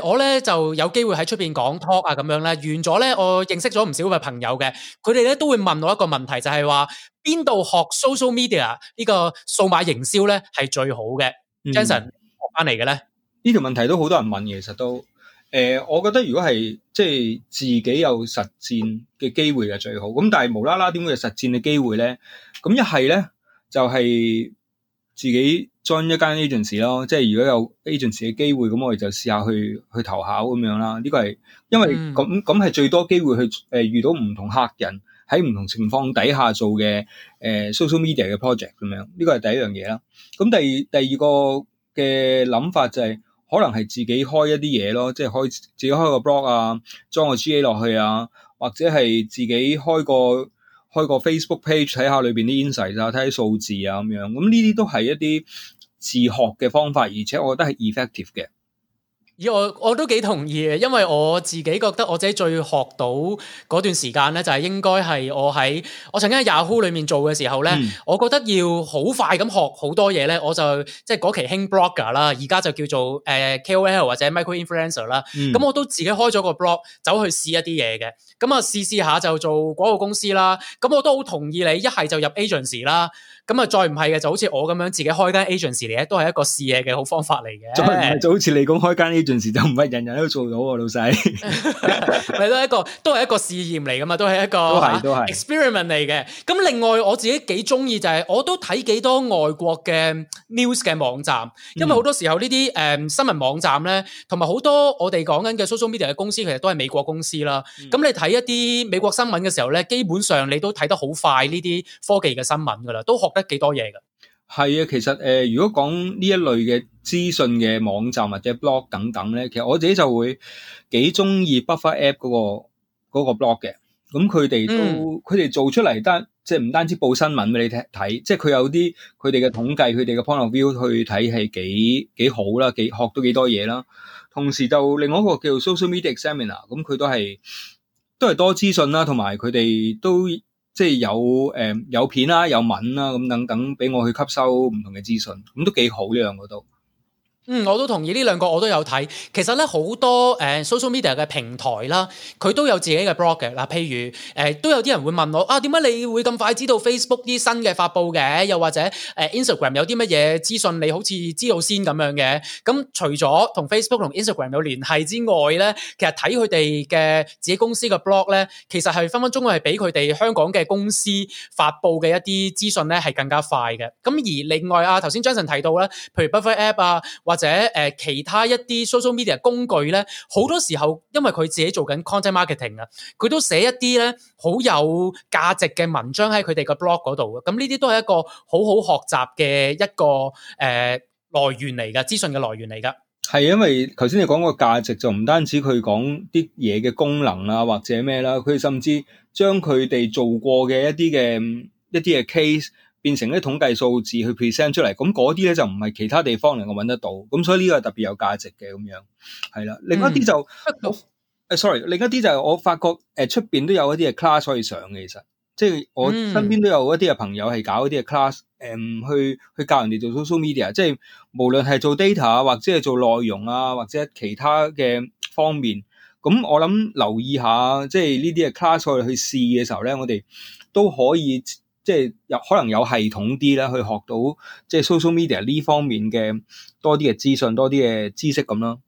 我咧就有機會喺出邊講 talk 啊咁樣咧，完咗咧，我認識咗唔少嘅朋友嘅，佢哋咧都會問我一個問題，就係話邊度學 social media 呢個數碼營銷咧係最好嘅，Jason 學翻嚟嘅咧？呢條問題都好多人問嘅，其實都誒，我覺得如果係即係自己有實戰嘅機會係最好，咁但係無啦啦點會有實戰嘅機會咧？咁一係咧就係自己。join 一間 agency 咯，即係如果有 agency 嘅機會，咁我哋就試下去去投考咁樣啦。呢、這個係因為咁咁係最多機會去誒、呃、遇到唔同客人喺唔同情況底下做嘅誒、呃、social media 嘅 project 咁樣。呢、這個係第一樣嘢啦。咁、嗯、第二第二個嘅諗法就係、是、可能係自己開一啲嘢咯，即係可自己開個 blog 啊，裝個 GA 落去啊，或者係自己開個開個 Facebook page 睇下裏邊啲 insight 啊，睇下啲數字啊咁樣。咁呢啲都係一啲。自學嘅方法，而且我覺得係 effective 嘅。以我我都幾同意嘅，因為我自己覺得我自己最學到嗰段時間咧，就係、是、應該係我喺我曾經喺 Yahoo 裏面做嘅時候咧，嗯、我覺得要好快咁學好多嘢咧，我就即係嗰期興 blogger 啦，而家就叫做誒、呃、KOL 或者 micro influencer 啦。咁、嗯、我都自己開咗個 blog，走去試一啲嘢嘅。咁、嗯、啊，試試下就做嗰個公司啦。咁、嗯、我都好同意你一係就入 agency 啦。咁、嗯、啊，再唔係嘅就好似我咁樣自己開間 agency 嚟咧，都係一個試嘢嘅好方法嚟嘅。再唔係就好似你咁開間。呢陣時就唔係人人都做到喎，老細。係咯，一個都係一個試驗嚟噶嘛，都係一個都係都係 experiment 嚟嘅。咁另外我自己幾中意就係、是，我都睇幾多外國嘅 news 嘅網站，因為好多時候呢啲誒新聞網站咧，同埋好多我哋講緊嘅 social media 嘅公司，其實都係美國公司啦。咁、嗯、你睇一啲美國新聞嘅時候咧，基本上你都睇得好快呢啲科技嘅新聞噶啦，都學得幾多嘢噶。係啊，其實誒、呃，如果講呢一類嘅資訊嘅網站或者 blog 等等咧，其實我自己就會幾中意 Buffer App 嗰、那個 blog 嘅。咁佢哋都佢哋做出嚟，即單即係唔單止報新聞俾你睇，即係佢有啲佢哋嘅統計，佢哋嘅 point of view 去睇係幾幾好啦，幾學到幾多嘢啦。同時就另外一個叫 Social Media Examiner，咁佢都係都係多資訊啦，同埋佢哋都。即係有誒、呃、有片啦、啊，有文啦、啊，咁等等畀我去吸收唔同嘅資訊，咁都幾好呢兩個都。嗯，我都同意，呢兩個我都有睇。其實咧，好多誒 social media 嘅平台啦，佢都有自己嘅 blog 嘅嗱，譬如誒、呃、都有啲人會問我啊，點解你會咁快知道 Facebook 啲新嘅發布嘅？又或者誒、呃、Instagram 有啲乜嘢資訊，你好似知道先咁樣嘅？咁、嗯、除咗同 Facebook 同 Instagram 有聯繫之外咧，其實睇佢哋嘅自己公司嘅 blog 咧，其實係分分鐘係俾佢哋香港嘅公司發布嘅一啲資訊咧，係更加快嘅。咁、嗯、而另外啊，頭先 j 晨提到咧，譬如 Buffer App 啊。或者誒、呃、其他一啲 social media 工具咧，好多時候因為佢自己做緊 content marketing 啊，佢都寫一啲咧好有價值嘅文章喺佢哋個 blog 度嘅。咁呢啲都係一個好好學習嘅一個誒、呃、來源嚟噶，資訊嘅來源嚟噶。係因為頭先你講個價值就唔單止佢講啲嘢嘅功能啊，或者咩啦、啊，佢甚至將佢哋做過嘅一啲嘅一啲嘅 case。變成一啲統計數字去 present 出嚟，咁嗰啲咧就唔係其他地方能夠揾得到，咁所以呢個特別有價值嘅咁樣，係啦。另一啲就，誒、嗯、sorry，另一啲就係我發覺誒出邊都有一啲嘅 class 可以上嘅，其實即係我身邊都有一啲嘅朋友係搞一啲嘅 class，誒、嗯嗯、去去教人哋做 social media，即係無論係做 data 或者係做內容啊，或者其他嘅方面。咁我諗留意下，即係呢啲嘅 class 去去試嘅時候咧，我哋都可以。即係有可能有系統啲咧去學到，即係 social media 呢方面嘅多啲嘅資訊，多啲嘅知識咁咯。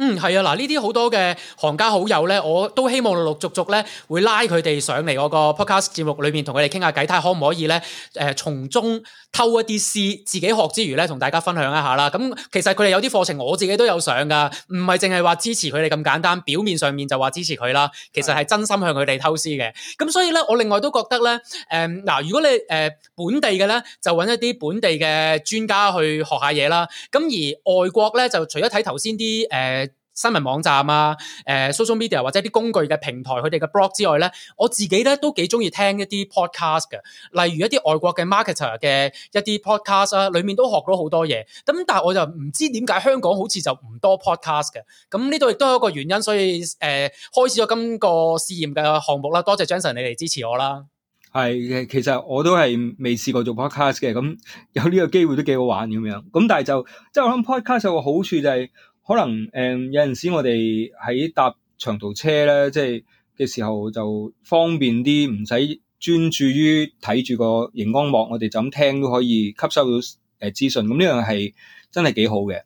嗯，係啊，嗱，呢啲好多嘅行家好友咧，我都希望陸陸續續咧會拉佢哋上嚟我個 podcast 節目裏面，同佢哋傾下偈，睇下可唔可以咧？誒、呃，從中偷一啲師，自己學之餘咧，同大家分享一下啦。咁、嗯、其實佢哋有啲課程，我自己都有上噶，唔係淨係話支持佢哋咁簡單，表面上面就話支持佢啦。其實係真心向佢哋偷師嘅。咁、嗯、所以咧，我另外都覺得咧，誒，嗱，如果你誒、呃、本地嘅咧，就搵一啲本地嘅專家去學下嘢啦。咁、嗯、而外國咧，就除咗睇頭先啲誒。呃新聞網站啊，誒、呃、social media 或者啲工具嘅平台，佢哋嘅 blog 之外咧，我自己咧都幾中意聽一啲 podcast 嘅，例如一啲外國嘅 marketer 嘅一啲 podcast 啊，裡面都學到好多嘢。咁但係我就唔知點解香港好似就唔多 podcast 嘅。咁呢度亦都有一個原因，所以誒、呃、開始咗今個試驗嘅項目啦。多謝 Johnson 你嚟支持我啦。係，其實我都係未試過做 podcast 嘅。咁有呢個機會都幾好玩咁樣。咁但係就即係我諗 podcast 有個好處就係、是。可能誒、嗯、有陣時我哋喺搭長途車咧，即係嘅時候就方便啲，唔使專注於睇住個熒光幕，我哋就咁聽都可以吸收到誒、呃、資訊。咁、嗯、呢樣係真係幾好嘅。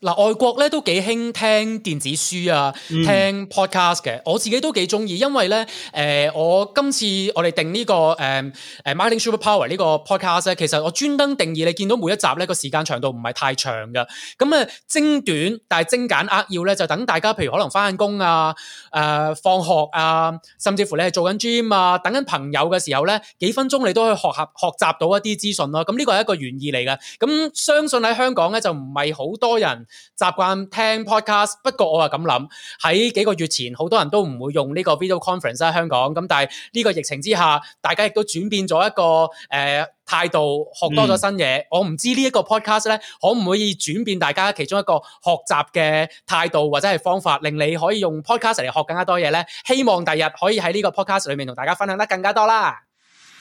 嗱，外國咧都幾興聽電子書啊，嗯、聽 podcast 嘅。我自己都幾中意，因為咧，誒、呃，我今次我哋定呢、這個誒誒、呃、marketing super power 呢個 podcast 咧，其實我專登定義你見到每一集咧個時間長度唔係太長嘅，咁、嗯、啊精短，但係精簡扼要咧，就等大家譬如可能翻緊工啊、誒、呃、放學啊，甚至乎你係做緊 gym 啊、等緊朋友嘅時候咧，幾分鐘你都可以學下學習到一啲資訊咯、啊。咁呢個係一個原意嚟嘅。咁、嗯、相信喺香港咧就唔係好多人。習慣聽 podcast，不過我係咁諗，喺幾個月前，好多人都唔會用呢個 video conference 喺香港。咁但係呢個疫情之下，大家亦都轉變咗一個誒、呃、態度，學多咗新嘢。嗯、我唔知呢一個 podcast 咧，可唔可以轉變大家其中一個學習嘅態度或者係方法，令你可以用 podcast 嚟學更加多嘢咧？希望第日可以喺呢個 podcast 裏面同大家分享得更加多啦。